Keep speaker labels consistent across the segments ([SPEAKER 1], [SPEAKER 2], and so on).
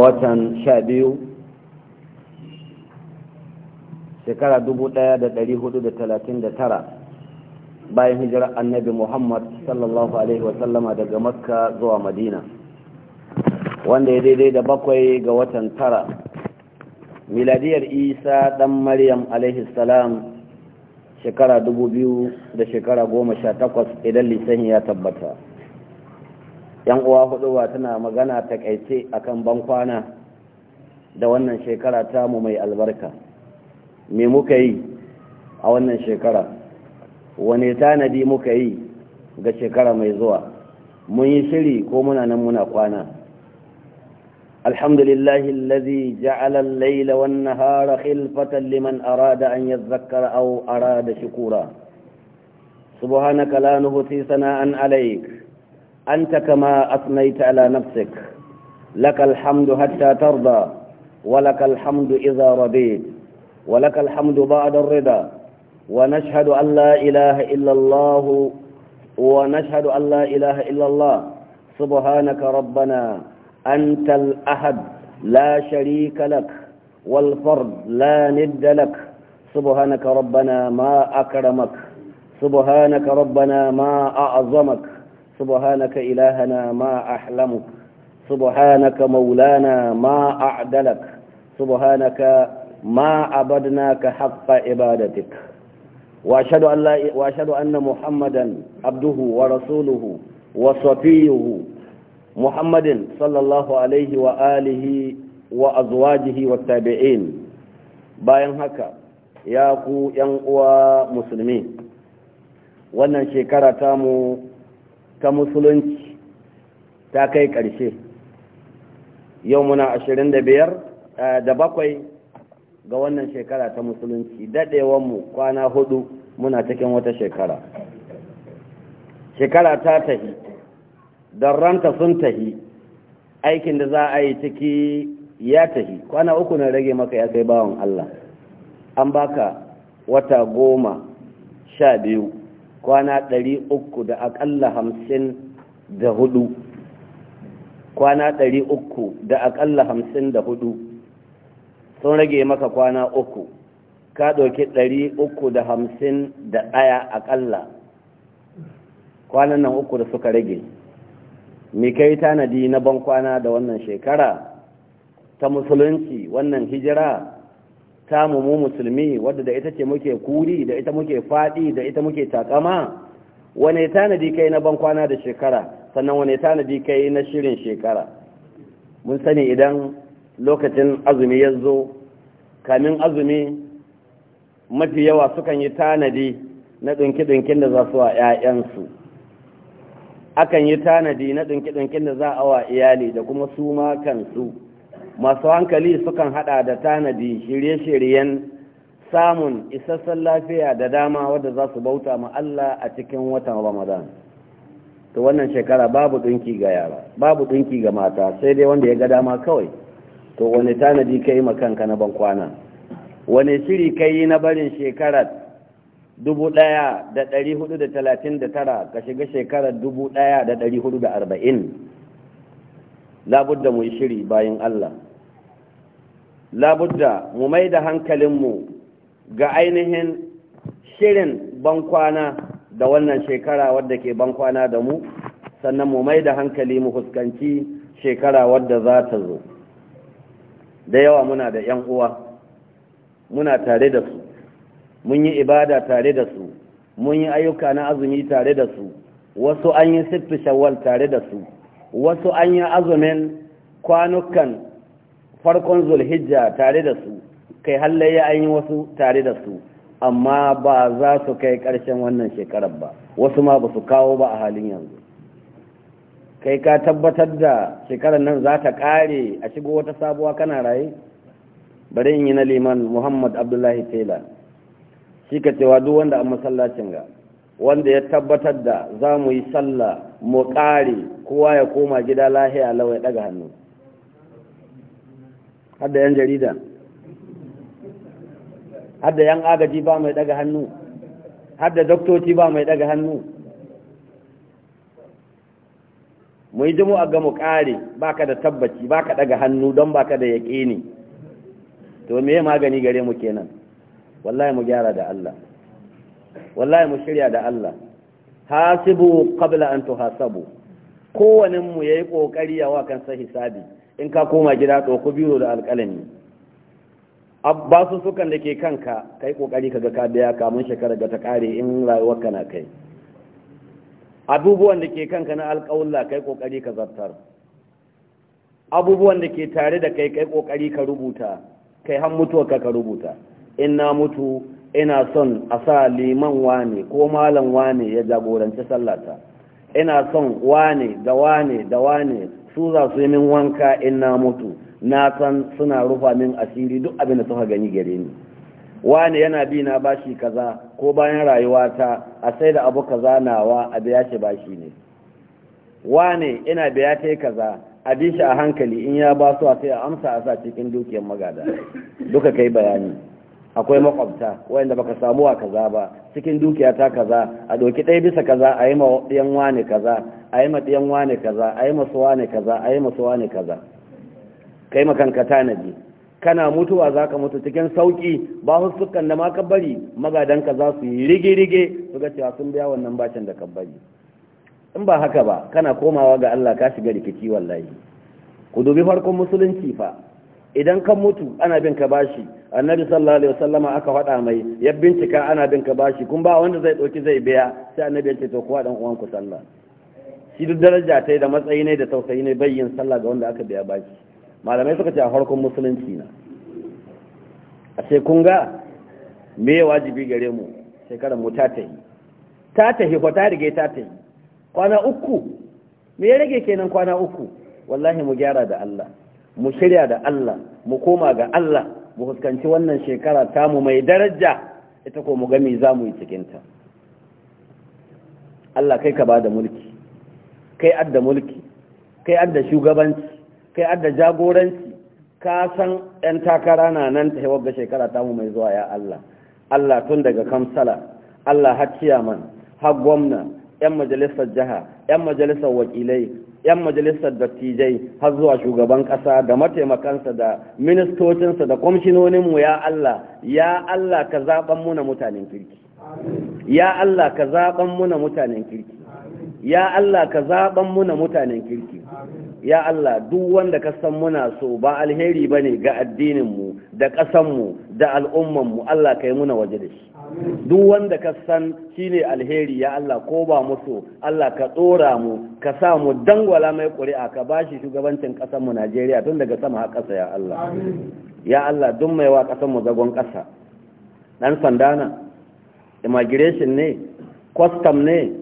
[SPEAKER 1] watan sha biyu shekara dubu ɗaya da ɗari hudu da talatin da tara bayan hijirar annabi muhammad sallallahu alaihi wasallama daga makka zuwa madina wanda ya daidai da bakwai ga watan tara miladiyar isa ɗan maryam alaihi salam shekara dubu biyu da shekara goma sha takwas idan lisan ya tabbata yan uwa hudu ba tana magana ta takaice akan bankwana da wannan shekara tamu mai albarka me muka yi a wannan shekara wane tanadi muka yi ga shekara mai zuwa mun yi shiri ko muna nan muna kwana alhamdulillahi allazi ja'ala al-layla wan-nahara khilfatan liman arada an yadhakkara aw arada shukura subhanaka la nuhsi sana'an alayka أنت كما أثنيت على نفسك لك الحمد حتى ترضى ولك الحمد إذا رضيت ولك الحمد بعد الرضا ونشهد أن لا إله إلا الله ونشهد أن لا إله إلا الله سبحانك ربنا أنت الأحد لا شريك لك والفرد لا ند لك سبحانك ربنا ما أكرمك سبحانك ربنا ما أعظمك سبحانك إلهنا ما أحلمك سبحانك مولانا ما أعدلك سبحانك ما عبدناك حق عبادتك وأشهد أن, لا وأشهد أن محمدا عبده ورسوله وصفيه محمد صلى الله عليه وآله وأزواجه والتابعين bayan haka ya ku ‘yan uwa musulmi wannan shekara tamu ta musulunci ta kai ƙarshe yau muna ashirin da biyar eh, da bakwai ga wannan shekara ta musulunci daɗewanmu kwana hudu muna cikin wata shekara shekara ta tahi ranta sun tahi aikin da za a yi ciki ya tahi kwana uku na rage maka ya kai bawan Allah an baka wata goma sha biyu kwana ɗari uku da aƙalla hamsin da hudu kwana ɗari uku da aƙalla hamsin da hudu sun rage maka kwana uku ka ɗauki ɗari uku da hamsin da ɗaya aƙalla kwanan nan uku da suka rage me kai tanadi na ban kwana da wannan shekara ta musulunci wannan hijira tamu mu musulmi wadda da ita ce muke kuri da ita muke faɗi da ita muke takama wane tanadi kai na ban kwana da shekara sannan wane tanadi kai na shirin shekara mun sani idan lokacin azumi ya zo kamin azumi mafi yawa sukan yi tanadi na ɗunki-ɗunkin da za su wa 'ya'yansu akan yi tanadi na ɗunki-ɗunkin da za a wa iyali da kuma su ma kansu masu hankali sukan hada da tanadi shirye-shiryen samun isassan lafiya da dama wadda za su bauta ma Allah a cikin watan Ramadan to wannan shekara babu dinki ga yara babu dinki ga mata sai dai wanda ya ga dama kawai to wani tanadi kai ma kanka na bankwana wani shiri kai na barin shekarar tara ka shiga shekarar dubu da da hudu arba'in? labudda mu shiri bayan Allah labudda mu mai da hankalinmu ga ainihin shirin bankwana da wannan shekara wadda ke bankwana da mu sannan mu mai da hankali mu fuskanci shekara wadda za ta zo da yawa muna da 'yan uwa muna tare da su mun yi ibada tare da su mun yi ayyuka na azumi tare da su wasu an yi siffi shawwal tare da su wasu an yi azumin kwanukan farkon zulhijja tare da su kai hallaye an yi wasu tare da su amma ba za su kai ƙarshen wannan shekarar ba wasu ma ba su kawo ba a halin yanzu kai ka tabbatar da shekarar nan za ta ƙare a shigo wata sabuwa kana raye bari in yi na liman muhammad abdullahi taylor shi ka cewa duk wanda an masallacin ga wanda ya tabbatar da za mu yi sallah mu ƙare kowa ya koma gida lahiya lawai ɗaga hannu hadda yan jarida hadda yan agaji ba mai ɗaga hannu hadda doktoci ba mai ɗaga hannu mu yi a ga mu ƙare ba ka da tabbaci ba ka ɗaga hannu don ba ka da yaƙe ne to me magani gare mu kenan wallahi mu gyara da Allah wallahi mu shirya da Allah hasibu qabla an tuhasabu kowannen mu yayi kokari yawa kansa hisabi in ka koma gida to ku biro da alƙalami abba su sukan dake ke kanka kai kokari kaga ka biya kamun shekara ga ta kare in ka na kai abubuwan da ke kanka na alƙawulla kai kokari ka zartar abubuwan da ke tare da kai kai kokari ka rubuta kai har mutuwa ka rubuta in na mutu ina son a sa liman wane ko malam wane ya jagoranci sallata ina son wane da wane da wane su za su yi min wanka in na mutu na san suna rufa min asiri duk abin da suka gani gare ni wane yana bi na bashi kaza ko bayan rayuwata a sai da abu kaza nawa a biya shi bashi ne wane ina biya ta kaza a bi shi a hankali in ya ba su a sai a amsa a sa cikin dukiyar magada duka kai bayani akwai makwabta wayanda baka samu a kaza ba cikin dukiya ta kaza a doki ɗaya bisa kaza a yi ma ɗiyan wane kaza a yi ma ɗiyan wane kaza a yi masu wane kaza a yi masu wane kaza kai makanka tanadi kana mutuwa za ka mutu cikin sauƙi ba sukan da ma ka bari magadanka za su yi rige-rige su ga cewa sun biya wannan bacin da ka bari in ba haka ba kana komawa ga Allah ka shiga rikici wallahi ku dubi farkon musulunci fa idan kan mutu ana bin ka bashi annabi sallallahu alaihi wasallama aka faɗa mai ya bincika ana bin ka bashi kun ba wanda zai ɗauki zai biya sai annabi ya ce to kuwa dan uwan ku sallah shi duk daraja ta da matsayi ne da tausayi ne bayyin sallah ga wanda aka biya bashi malamai suka ce a farkon musulunci na a sai kun ga me ya wajibi gare mu shekarar mu ta tahi ta tahi ko ta rige ta tahi kwana uku me ya rage kenan kwana uku wallahi mu gyara da Allah mu shirya da Allah mu koma ga Allah mu fuskanci wannan shekara tamu mai daraja ita ko mu gami za mu yi cikinta Allah kai ka ba da mulki kai adda mulki kai adda shugabanci kai adda jagoranci ka san 'yan takara na nan ta hewar ga shekara tamu mai zuwa ya Allah Allah tun daga kamsala Allah har ciyaman har gwamna 'yan majalisar jiha 'yan majalisar wakilai 'yan majalisar dattijai har zuwa shugaban ƙasa da mataimakansa da ministocinsa da kwamishinoninmu ya Allah ya Allah ka zaɓan muna mutanen kirki ya Allah ka zaɓan muna mutanen kirki ya Allah ka zaɓan muna mutanen kirki ya Allah duk wanda ka san muna so ba alheri ba ne ga addininmu da ƙasanmu da al'ummanmu Allah ka yi muna waje da shi duk wanda ka san shi ne alheri ya Allah ko ba musu Allah ka tsora mu ka sa mu dangwala mai ƙuri'a ka bashi shugabancin ƙasar mu Najeriya tun daga sama har ƙasa ya Allah ya Allah duk mai wa ƙasar zagon ƙasa dan sanda na immigration ne custom ne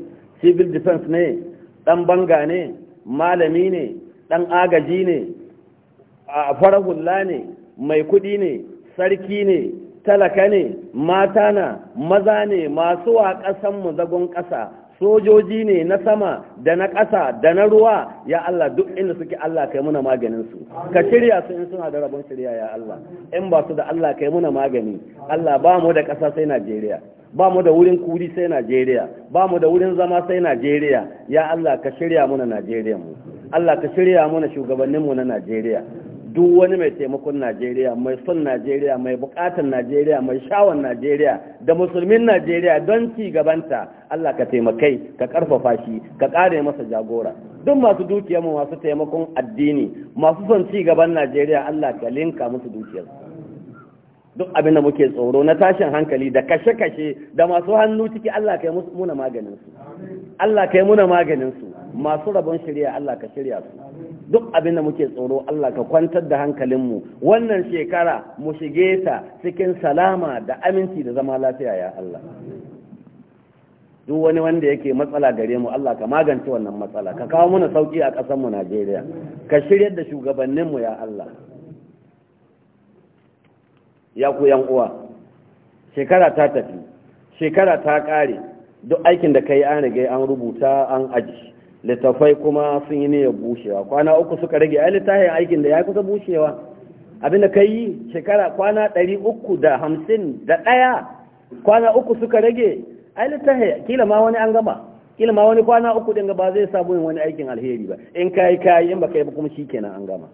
[SPEAKER 1] civil defense ne dan banga ne malami ne dan agaji ne a farahulla ne mai kudi ne sarki ne talaka ne mata na maza ne masu wa mu zagon ƙasa sojoji ne na sama da na ƙasa da na ruwa ya Allah duk inda suke Allah kai muna maganin su ka shirya su in suna da rabon shirya ya Allah in ba su da Allah kai muna magani Allah ba mu da ƙasa sai Najeriya ba mu da wurin kuri sai Najeriya ba mu da wurin zama sai Najeriya ya Allah ka shirya muna Najeriya mu Allah ka shirya muna shugabannin mu na Najeriya duk wani mai taimakon najeriya mai son najeriya mai bukatar najeriya mai shawon najeriya da musulmin najeriya don ci gabanta allah ka taimakai ka karfafa shi ka kare masa jagora duk masu dukiyar mu masu taimakon addini masu son ci gaban najeriya allah ka linka musu dukiyar duk abin da muke tsoro na tashin hankali da kashe-kashe da masu hannu ciki allah ka yi muna maganin su allah ka yi muna maganin su masu rabon shirya allah ka shirya su duk abin da muke tsoro Allah ka kwantar da hankalinmu wannan shekara mu shige ta cikin salama da aminci da zama lafiya ya Allah duk wani wanda yake matsala gare mu Allah ka magance wannan matsala ka kawo mana sauki a ƙasar mu Najeriya ka shiryar da shugabannin mu ya Allah ya ku yan uwa shekara ta tafi shekara ta ƙare duk aikin da kai an riga an rubuta an aji littafai kuma sun yi niyyar bushewa kwana uku suka rage a littafin aikin da ya kusa bushewa abinda ka yi shekara kwana ɗari uku da hamsin da ɗaya kwana uku suka rage a littafin kila ma wani an gama kila ma wani kwana uku ɗin ba zai sabu yin wani aikin alheri ba in ka yi ka yi in ba ka yi ba kuma shi kenan an gama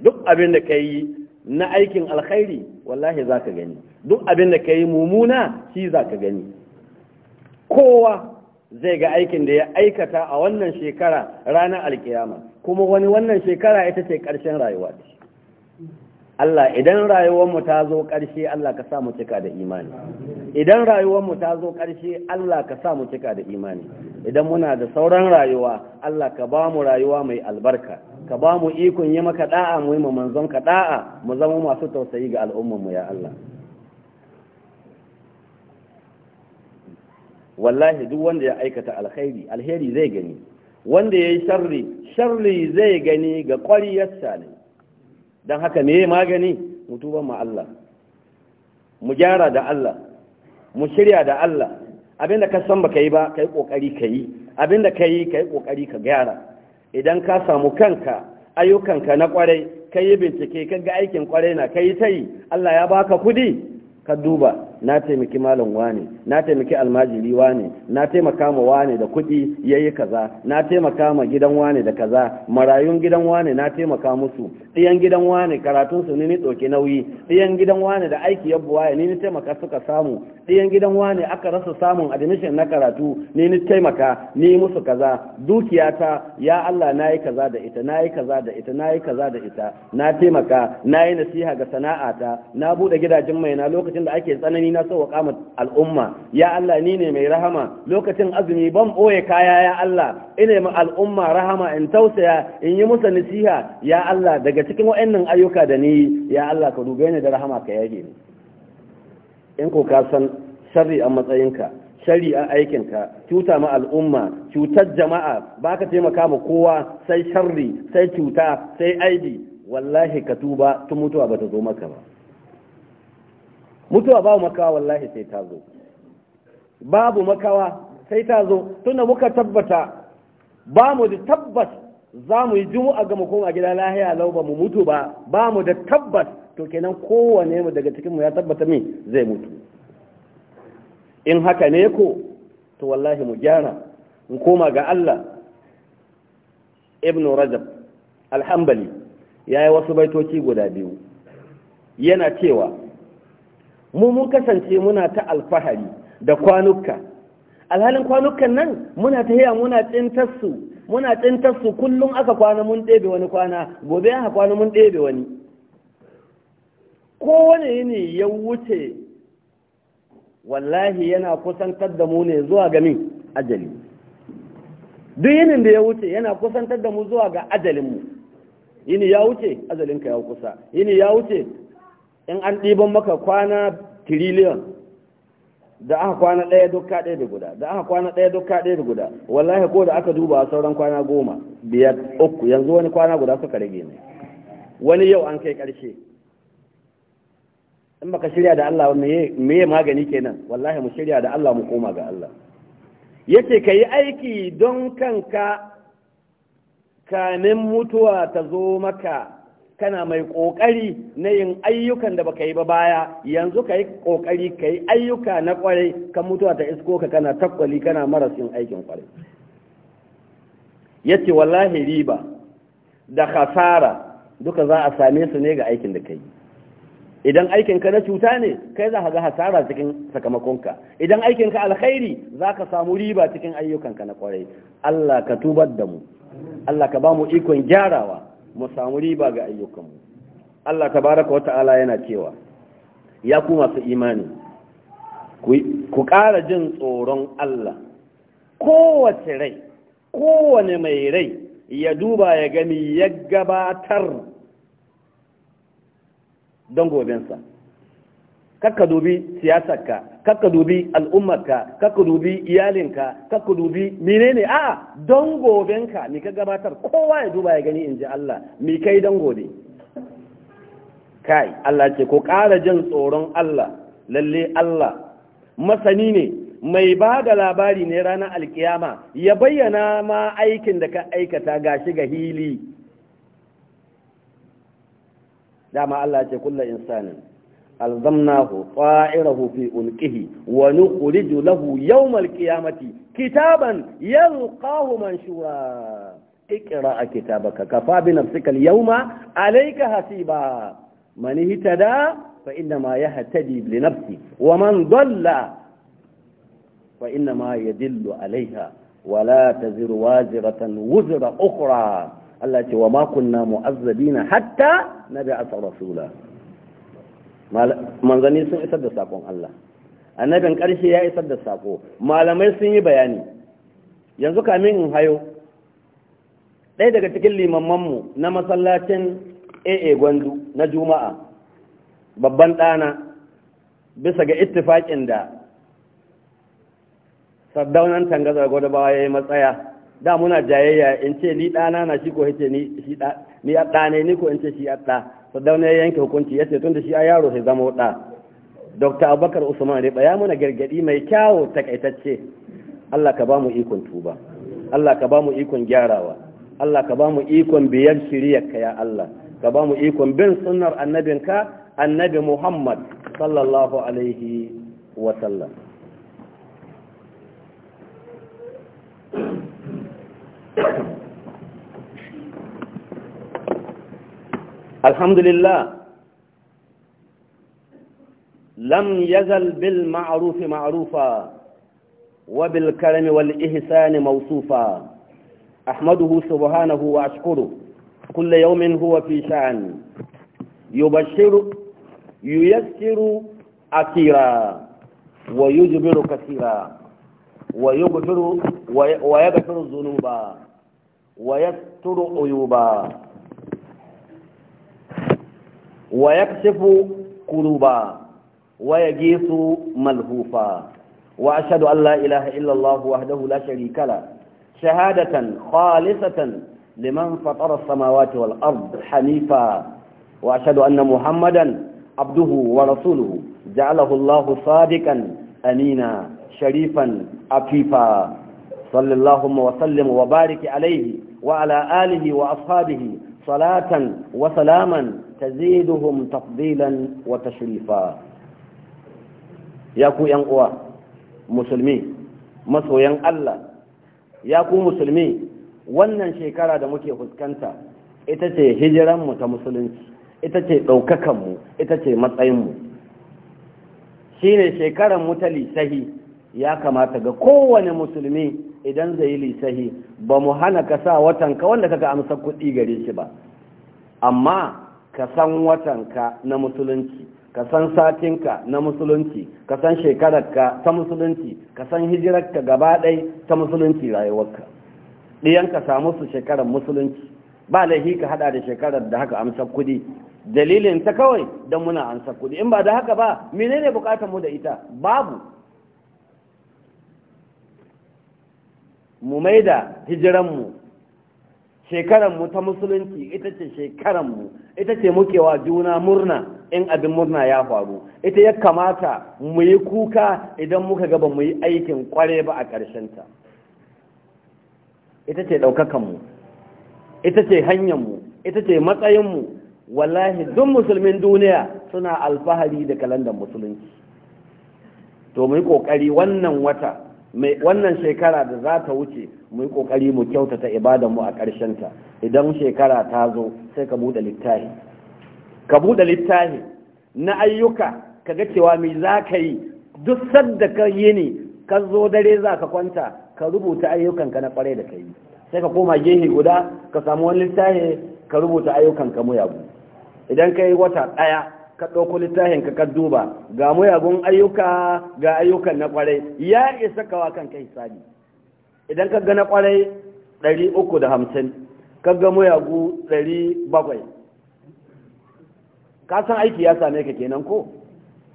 [SPEAKER 1] duk abin da ka yi na aikin alkhairi wallahi za ka gani duk abin da ka yi mummuna shi za ka gani kowa zai ga aikin da ya aikata a wannan shekara ranar alkiyama kuma wani wannan shekara ita ce ƙarshen rayuwa ce Allah idan rayuwarmu ta zo ƙarshe Allah ka sa mu cika da imani idan rayuwarmu ta zo ƙarshe Allah ka sa mu cika da imani idan muna da sauran rayuwa Allah ka ba mu rayuwa mai albarka ka ba mu ikon yi maka da'a mu yi manzon ka da'a mu zama masu tausayi ga al'ummarmu ya Allah wallahi duk wanda ya aikata alkhairi alheri zai gani wanda ya yi sharri sharri zai gani ga ƙwariyar ne don haka me magani mutuban ma Allah mu gyara da Allah mu shirya da Allah abinda ka san baka yi ba kai kokari ka yi abinda ka yi kai kokari ka gyara idan ka samu kanka ayyukanka na kwarai kai yi bincike ka ga aikin kwarai na kai ta yi Allah ya baka kudi ka duba na taimaki malam wane na taimaki almajiri wane na taimaka ma wane da kuɗi yayi kaza na taimaka ma gidan wane da kaza marayun gidan wane na taimaka musu ɗiyan gidan wane karatun su ne ni ɗauki nauyi ɗiyan gidan wane da aiki ya buwaye ni ni taimaka suka samu ɗiyan gidan wane aka rasa samun admission na karatu ni ni taimaka ni musu kaza dukiyata ya Allah nayi kaza da ita nayi kaza da ita nayi kaza da ita na taimaka nayi nasiha ga sana'ata na bude gidajen mai na lokacin da ake tsanani na so wa al'umma ya Allah ni ne mai rahama lokacin azumi ban boye kaya ya Allah ina ma al'umma rahama in tausaya in yi musu nasiha ya Allah daga cikin waɗannan ayyuka da ni ya Allah ka dube ni da rahama ka yage ni in ko ka san sharri a matsayinka shari a aikinka cuta ma al'umma cutar jama'a ba ka taimaka ma kowa sai sharri sai cuta sai aibi wallahi ka tuba tun mutuwa ba ta zo maka ba mutuwa babu makawa wallahi sai ta zo babu makawa sai ta zo tunda muka tabbata ba mu da tabbas za mu yi juma'a ga mu a gida lahiya lau ba mu mutu ba ba mu da tabbas to kenan kowane mu daga cikin mu ya tabbata min zai mutu in haka ne ko to wallahi mu gyara mu koma ga Allah ibn rajab alhambali ya yi wasu baitoci guda biyu yana cewa mu mun kasance muna ta alfahari da kwanuka alhalin kwanukan nan muna ta haya muna tsintarsu muna tsintarsu kullum aka kwana mun ɗebe wani kwana gobe aka kwana mun ɗebe wani kowane yini ya wuce wallahi yana kusantar da mu ne zuwa ga min ajali duk yinin da ya wuce yana kusantar da mu zuwa ga ajalinmu yini ya wuce ajalinka ya kusa yini ya wuce in an ɗiban maka kwana tiriliyon da aka kwana ɗaya duka ɗaya da guda da aka kwana ɗaya duka ɗaya da guda wallahi ko da aka duba sauran kwana goma biyar uku yanzu wani kwana guda suka rage ne wani yau an kai ƙarshe in baka shirya da Allah me ya magani kenan wallahi mu shirya da Allah mu koma ga Allah yace ka yi aiki don kanka kanin mutuwa ta zo maka kana mai ƙoƙari na yin ayyukan da baka yi ba baya yanzu ka yi ƙoƙari ka yi ayyuka na ƙwarai ka mutuwa ta isko ka kana takwali kana maras yin aikin ƙwarai ya ce wallahi riba da hasara duka za a same su ne ga aikin da ka yi idan aikinka na cuta ne kai za ka ga hasara cikin sakamakonka idan aikinka alkhairi za ka samu riba cikin ayyukanka na ƙwarai allah ka tubar da mu allah ka ba mu ikon gyarawa mu samu riba ga ayyukanmu Allah tabaraka wata'ala yana cewa ya ku masu imani ku ƙara jin tsoron Allah kowace rai kowane mai rai ya duba ya gani ya gabatar don gobensa kakka dubi siyasarka kakka dubi al'ummarka kakka dubi iyalinka kakka dubi menene a don gobenka mi ka gabatar kowa ya duba ya gani in ji Allah mi kai don gobe kai Allah ce ko ƙara jin tsoron Allah lalle Allah masani ne mai ba da labari ne ranar alkiyama ya bayyana ma aikin da ka aikata gashi ga hili dama Allah ce kulla insanin ألزمناه طائره في أنكه ونخرج له يوم القيامة كتابا يلقاه منشورا اقرأ كتابك كفى بنفسك اليوم عليك حسيبا من اهتدى فإنما يهتدي لنفسه ومن ضل فإنما يدل عليها ولا تزر وازرة وزر أخرى التي وما كنا مؤذبين حتى نبعث رسولا manzanni sun isar da sakon Allah annabin ƙarshe ya isar da sako malamai sun yi bayani yanzu kamin in hayo ɗaya daga cikin limammanmu na masallacin aa gwandu na juma'a babban ɗana bisa ga ittifaƙin da sardaunan tangazar gwadabawa ya yi matsaya da muna jayayya in ce ni ɗana na shi ko ce ni ɗane ni ko in ce shi ɗa sadauna ya yanke hukunci ya ce tun da shi a yaro sai zama ɗa dr abubakar usman riba ya muna gargaɗi mai kyawo takaitacce allah ka ba mu ikon tuba allah ka ba mu ikon gyarawa allah ka ba mu ikon biyar shiriyarka ya allah ka ba mu ikon bin sunnar annabinka annabi muhammad sallallahu alaihi wa sallam Thank you. الحمد لله لم يزل بالمعروف معروفا وبالكرم والإحسان موصوفا أحمده سبحانه وأشكره كل يوم هو في شأن يبشر ييسر أكيرا ويجبر كثيرا ويغفر ويغفر الذنوب ويستر عيوبا wa yakshifu kuruba waya yagisu malhufa wa ashhadu an la ilaha illa Allah wahdahu la sharika la shahadatan khalisatan liman fatara as-samawati wal ard hanifa wa ashhadu muhammadan abduhu wa rasuluhu ja'alahu Allah sadiqan amina sharifan afifa sallallahu wa sallim wa bariki alaihi wa ala alihi wa ashabihi salatan wa salaman تزيدهم تفضيلا وتشريفا يا كو ين uwa musulmi masoyan Allah ya ku musulmi wannan shekara da muke fuskanta ita ce hijiranmu ta musulunci ita ce ɗaukakanmu ita ce matsayinmu shi ne shekaran mu ta lisahi ya kamata ga kowane musulmi idan zai yi lisahi ba mu hana ka sa watan ka wanda kaga amsa kuɗi gare shi ba amma ka san watanka na musulunci ka san satinka na musulunci ka san shekararka ta musulunci ka san hijirarka gaba ɗai ta musulunci rayuwarka ka samu su shekarar musulunci ba laifi ka hada da shekarar da haka amsa kuɗi dalilin ta kawai don muna amsa kuɗi in ba da haka ba menene bukatar mu da ita babu mu mai da hijiranmu shekaranmu ta musulunci ita ce shekaranmu ita ce muke wa juna murna in abin murna ya faru ita ya kamata mu yi kuka idan muka gaba mu yi aikin kware ba a ta. ita ce ɗaukakanmu ita ce hanyarmu ita ce matsayinmu wallahi duk musulmin duniya suna alfahari da kalandar musulunci to mu yi ƙoƙari wannan wata wannan shekara da za ta wuce mu yi kokari mu kyautata ibadan mu a ƙarshen ta idan shekara ta zo sai ka bude littafi ka bude littafi na ayyuka ka ga cewa me za ka yi duk sadda ka yi ne ka zo dare za ka kwanta ka rubuta ayyukanka na kwarai da ka yi sai ka koma gehe guda ka samu wani littafi ka rubuta ayyukanka muyagu idan ka yi wata ɗaya ka ɗauko littafin ka duba ga muyagun ayyuka ga ayyukan na kwarai ya isa kawa kanka hisabi idan ka gana kwarai 350 ka ga ɗari 700 ka san aiki ya same ka kenan ko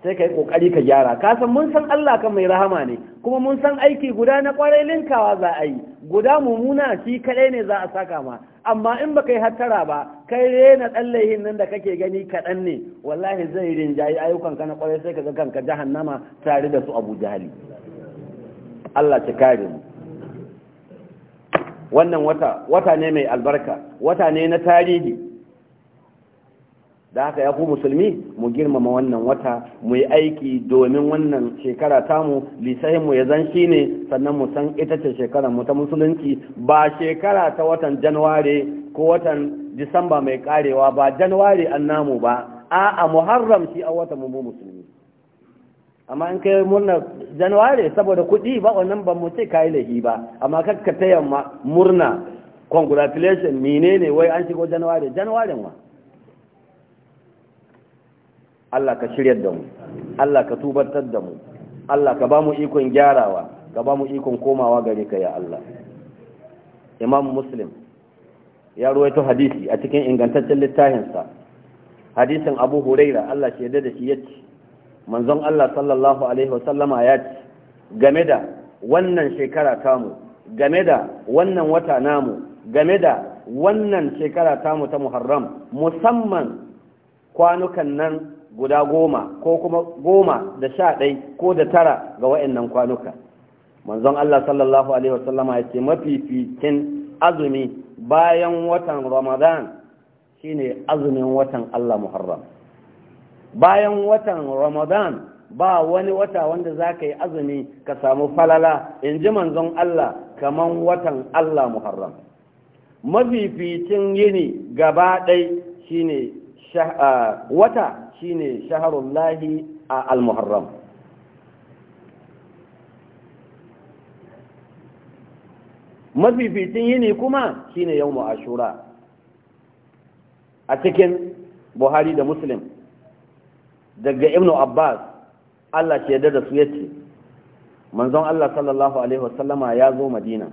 [SPEAKER 1] sai ka yi kokari ka gyara ka san mun san Allah kan mai rahama ne kuma mun san aiki guda na kwarai linkawa za a yi guda mummuna shi kaɗai ne za a saka ma amma in baka yi hattara ba kai rena tsallahin nan da kake gani kaɗan ne wallahi zai ayyukan ka na kwarai sai ka ga kanka jahannama tare da su Abuja. jahali Allah ta kare mu wannan wata wata ne mai albarka wata ne na tarihi da haka ya ku musulmi mu girmama wannan wata mu yi aiki domin wannan shekara tamu mu ya zan shi ne sannan mu san ita ce shekarar mu ta musulunci ba shekara ta watan Januwari ko watan disamba mai karewa ba Januwari an namu ba a'a muharram shi a watan mu musulmi amma in kai murna januwari saboda kuɗi ba wannan ba mu ce kayi lahi ba amma kakka ta yamma murna congratulation menene wai an shigo januwari januwarin wa Allah ka shiryar da mu Allah ka tubartar da mu Allah ka ba mu ikon gyarawa ka ba mu ikon komawa gare ka ya Allah Imam Muslim ya ruwaito hadisi a cikin ingantaccen littafinsa hadisin Abu Hurairah Allah shi yadda da shi yace manzon Allah sallallahu alaihi wasallama ya ce game da wannan shekara tamu game da wannan wata namu game da wannan shekara tamu ta Muharram musamman kwanukan nan guda goma ko kuma goma da sha ɗai ko da tara ga wa'annan kwanuka manzon Allah sallallahu alaihi wasallama ya ce mafificin azumi bayan watan Ramadan shine azumin watan Allah Muharram bayan watan ramadan ba wani wata wanda za ka yi azumi ka samu falala in ji manzon Allah kamar watan Allah Muharram mafificin yini gaba ɗai shine wata shine shaharullahi a al-Muharram mafificin yini kuma shine yau ashura a cikin Buhari da Muslim daga ibnu abbas Allah ce da su yace manzon Allah sallallahu alaihi wasallama ya zo madina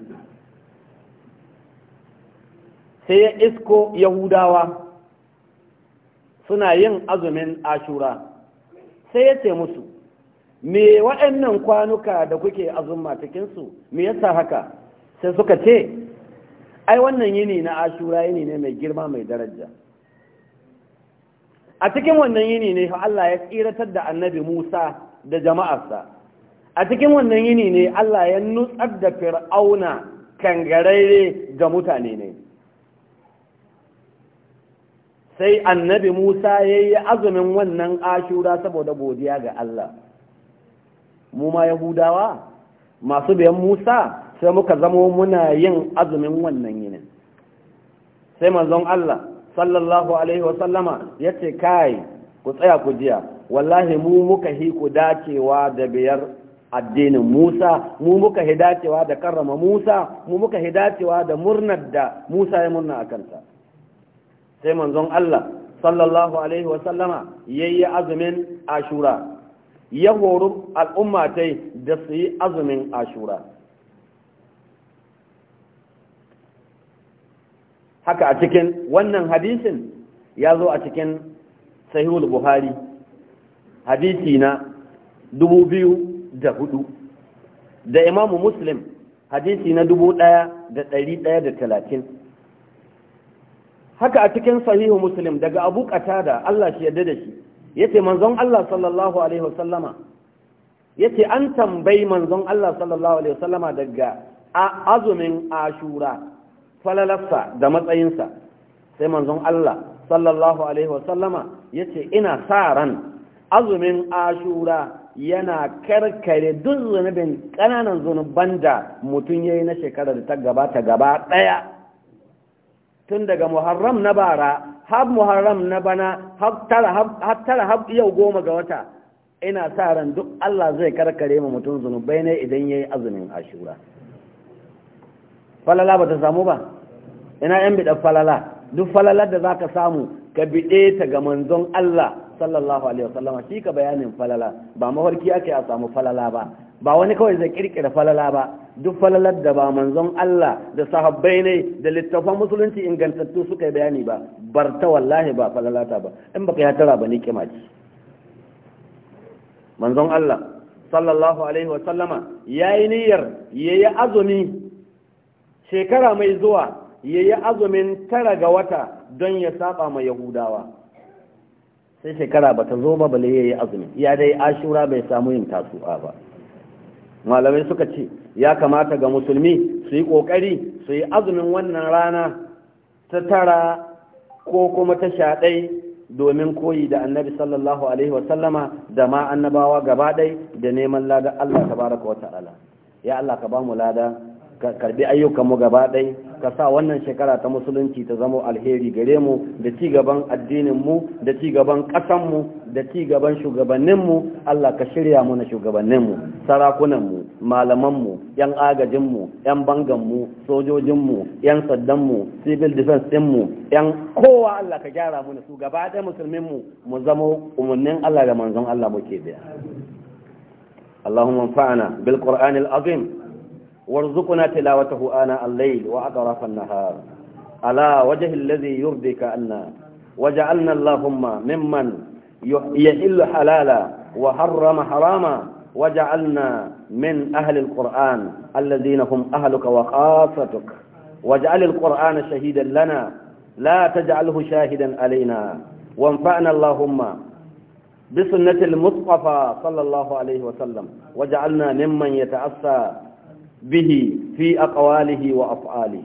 [SPEAKER 1] sai ya isko yahudawa suna yin azumin ashura sai ya ce musu me waɗannan kwanuka da kuke azumma cikinsu me yasa haka sai suka ce ai wannan yini na ashura yini ne mai girma mai daraja a cikin wannan yini ne Allah ya tsiratar da annabi Musa da jama'arsa a cikin wannan yini ne Allah ya nutsar da fir'auna kangararre ga mutane ne sai annabi Musa ya yi azumin wannan ashura saboda godiya ga Allah mu ma yahudawa masu biyan Musa sai muka zamo muna yin azumin wannan yinin sai manzon Allah sallallahu alaihi wasallama ya ce kai ku tsaya ku jiya wallahi mu muka hi ku dacewa da biyar addinin Musa mu muka hi dacewa da karrama Musa mu muka hi dacewa da murnar da Musa ya murna a kansa sai manzon Allah sallallahu alaihi wasallama yayi azumin ashura ya horo al'ummatai da su yi azumin ashura haka a cikin wannan hadisin ya zo a cikin sahihul buhari hadisi na dubu biyu da hudu da imamu muslim hadisi na dubu ɗaya da ɗari ɗaya da talatin haka a cikin sahihul muslim daga abu da Allah shi yadda da shi ya ce manzon Allah sallallahu alaihi wasallama ya ce an tambayi manzon Allah sallallahu alaihi wasallama daga azumin ashura falalarsa da matsayinsa sai manzon Allah sallallahu alaihi wasallama ya ce ina sa ran azumin ashura yana karkare duk zunubin ƙananan zunuban da mutum ya yi na shekarar ta ta gaba ɗaya tun daga muharram na bara har muharram na bana har tara har yau goma ga wata ina sa ran duk Allah zai karkare ma mutum zunubai ne idan ya yi azumin ashura falala ba ta samu ba ina yan biɗa falala duk falalar da za ka samu ka biɗe ta ga manzon Allah sallallahu alaihi wasallama shi ka bayanin falala ba mafarki ake a samu falala ba ba wani kawai zai kirkira falala ba duk falalar da ba manzon Allah da sahabbai ne da littafan musulunci ingantattu suka yi bayani ba barta wallahi ba falalata ba in baka ya tara ba ni kima manzon Allah sallallahu alaihi wa yayi niyyar yayi azumi shekara mai zuwa ya yi azumin tara ga wata don ya saba ma yahudawa sai shekara ba ta zo ba bale ya yi azumin ya dai ashura bai samu yin tasu'a ba malamai suka ce ya kamata ga musulmi su yi ƙoƙari su yi azumin wannan rana ta tara ko kuma ta shaɗai domin koyi da annabi sallallahu alaihi wasallama da ma annabawa gaba ɗai da neman lada Allah Ta baraka wata ala ya Allah ka ba mu lada ka karbi ayyukan mu gaba ɗai ka sa wannan shekara ta musulunci ta zama alheri gare mu da ci gaban addinin mu da ci gaban ƙasan da ci gaban shugabannin mu Allah ka shirya mu na shugabannin mu sarakunan mu malaman mu yan agajin mu yan bangan mu sojojin yan saddan mu civil defense ɗinmu mu yan kowa Allah ka gyara mu na su gaba ɗaya musulmin mu mu zama umarnin Allah da manzon Allah muke biya اللهم انفعنا بالقرآن العظيم وارزقنا تلاوته آناء الليل وأطراف النهار على وجه الذي يرضيك عنا وجعلنا اللهم ممن يحل حلالا وحرم حراما وجعلنا من أهل القرآن الذين هم أهلك وخاصتك واجعل القرآن شهيدا لنا لا تجعله شاهدا علينا وانفعنا اللهم بسنة المصطفى صلى الله عليه وسلم وجعلنا ممن يتأسى به في أقواله وأفعاله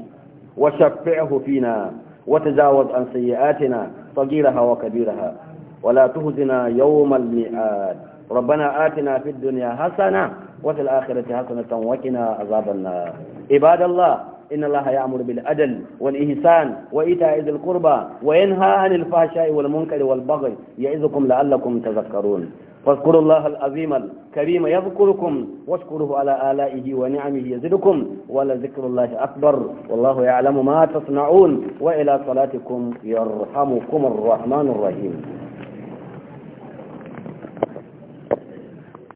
[SPEAKER 1] وشفعه فينا وتجاوز عن سيئاتنا صغيرها وكبيرها ولا تهزنا يوم الميعاد ربنا آتنا في الدنيا حسنة وفي الآخرة حسنة وكنا عذاب النار عباد الله إن الله يأمر بالعدل والإحسان وإيتاء ذي القربى وينهى عن الفحشاء والمنكر والبغي يعظكم لعلكم تذكرون واذكروا الله العظيم الكريم يذكركم واشكروه على آلائه ونعمه يزدكم ولذكر الله أكبر والله يعلم ما تصنعون وإلى صلاتكم يرحمكم الرحمن الرحيم